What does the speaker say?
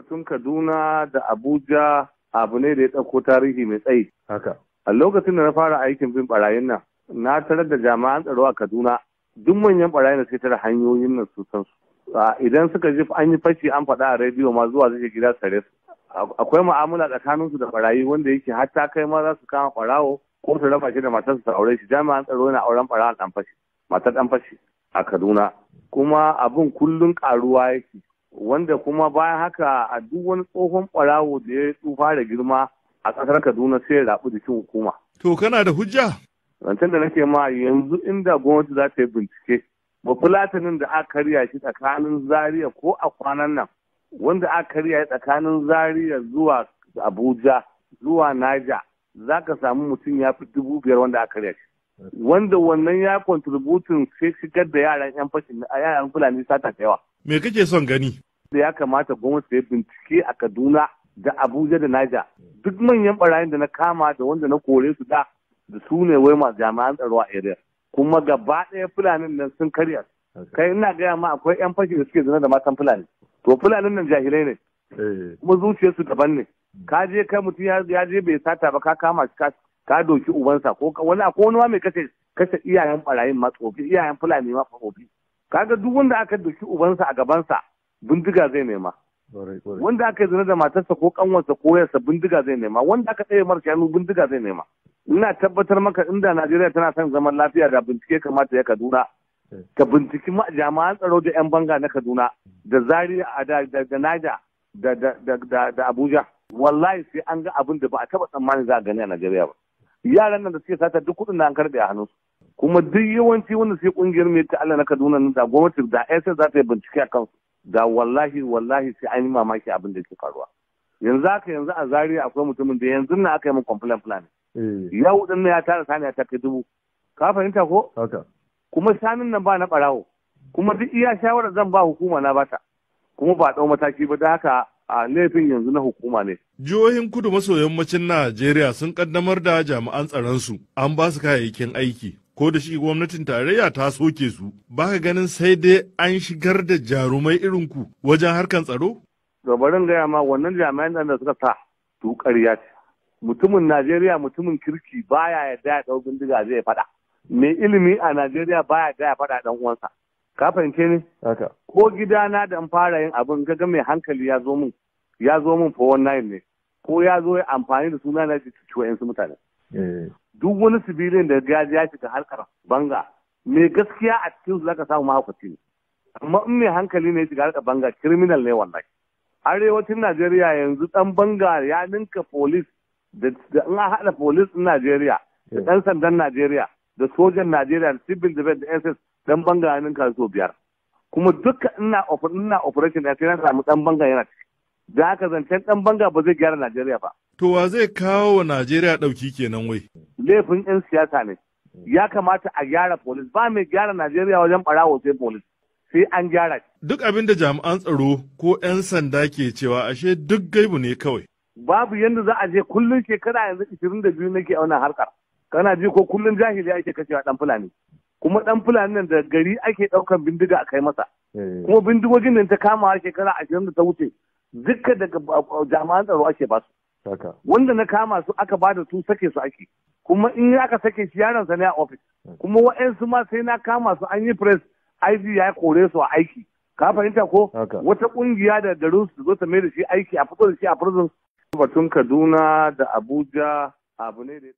batun Kaduna da Abuja abu ne da ya ɗauko tarihi mai tsayi. Haka. A lokacin da na fara aikin bin barayin nan, na tarar da jami'an tsaro a Kaduna duk manyan barayin da suke tara hanyoyin nan su san su. Idan suka ji an yi fashi an faɗa a rediyo ma zuwa zai gida sare su. Akwai mu'amala su da barayi wanda yake hatta kai ma za su kama ɓarawo ko su raba shi da matarsa su aure shi jami'an tsaro yana auren a ɗan fashi matar ɗan fashi a Kaduna. Kuma abun kullum ƙaruwa yake. wanda kuma bayan haka a duk wani tsohon ɓarawo da ya tsufa da girma a ƙasar Kaduna sai ya rabu jikin hukuma. To kana da hujja? Rancen da nake ma yanzu inda gwamnati za ta yi bincike ba fulatinin da aka karya shi tsakanin Zaria ko a kwanan nan wanda aka karya shi tsakanin Zaria zuwa Abuja zuwa Naja za ka samu mutum ya fi dubu biyar wanda aka karya shi. Wanda wannan ya kontributin sai shigar da yaran 'yan fashin a yaran Fulani sata da yawa. Me kake son gani? ya kamata gwamnati ta yi bincike a Kaduna da Abuja da Niger duk manyan barayin da na kama da wanda na kore su da da su ne wai masu jami'an tsaro a area kuma gaba ɗaya fulanin nan sun karya kai ina gaya ma akwai yan fashi da suke zina da matan fulani to fulanin nan jahilai ne eh. kuma zuciyarsu daban ne hmm. ka je kai mutum ya je bai sata ba ka kama shi ka doki ubansa ko wani akwai wani ma mai kashe kashe iyayen barayin ma tsofi iyayen fulani ma tsofi kaga duk wanda aka doki ubansa a gabansa bindiga zai nema wanda aka zina da matarsa ko kanwarsa ko yarsa bindiga zai nema wanda aka tsaye mara shanu bindiga zai nema ina tabbatar maka inda najeriya tana son zaman lafiya da bincike kamata ya kaduna ta eh. binciki jama'an tsaro da 'yan banga na kaduna da zari da naja da abuja wallahi sai an ga abin da ba a taba tsammanin za a gani a najeriya ba yaran nan da suke sata duk kuɗin da an karbe a hannunsu kuma duk yawanci wanda sai kungiyar mai ta Allah na Kaduna da gwamnati da SS za ta yi bincike kansu, da wallahi wallahi sai an yi mamaki abin da ke faruwa yanzu haka yanzu a zari akwai mutumin da yanzu na aka yi min complaint plan eh. yau na ya tara saniya ta take dubu ka fahimta ko kuma sanin nan ba na barawo kuma duk iya shawarar zan ba hukuma na bata kuma ba dau mataki ba da haka a laifin yanzu na hukuma ne. Jihohin kudu maso yammacin Najeriya sun kaddamar da jami'an tsaron su an ba su kayayyakin aiki ko da shi gwamnatin tarayya ta soke su ba ka ganin sai dai an shigar da jarumai irin ku wajen harkan tsaro? gabarin gaya ma wannan jami'an da suka sa tukar ya ce mutumin najeriya mutumin kirki baya ya ya ɗau bindiga zai faɗa mai ilimi a najeriya baya ya ya faɗa ɗan uwansa ka fahimce ne ko gidana da in fara yin abin gaga mai hankali ya zo mun ya zo fa wannan ne ko ya zo ya amfani da suna na ci wa'yansu mutane Eh. duk wani sibilin da gaji ya shiga harkar banga mai gaskiya a cikin su zaka samu mahaukaci ne amma in mai hankali ne shiga harkar banga kirminal ne wannan. arewacin najeriya yanzu dan banga ya ninka polis da in an haɗa polis din najeriya da eh. ɗan sandan najeriya da sojan najeriya da civil defense da ss dan banga ya ninka so biyar kuma duka ina operation ya sai na samu dan banga yana da haka zancen dan banga ba zai gyara najeriya ba To wa zai kawo wa Najeriya ɗauki kenan wai? Laifin 'yan siyasa ne. Ya kamata a gyara polis. Ba mai gyara Najeriya wajen ɓarawo sai polis. Sai an gyara. Duk abin da jami'an tsaro ko 'yan sanda ke cewa ashe duk gaibu ne kawai. Babu yadda za a je kullum shekara yanzu ishirin da biyu nake a wannan harkar. Kana ji ko kullum jahili ake kashewa ɗan Fulani. Kuma ɗan Fulani nan da gari ake ɗaukan bindiga a kai masa. Eh. Kuma bindigogin nan ta kama shekara ashirin da ta wuce. Dukka daga uh, jami'an tsaro ake basu. wanda na kama su aka ba da su sake su ake kuma in aka sake shi yaron sa ne a ofis hmm. kuma wa'ansu ma sai na kama su an yi press id ya kore su a aiki ka fahimta ko wata kungiya da garin su zo ta mai da shi aiki a fito da shi a prison batun Kaduna da Abuja abu ne da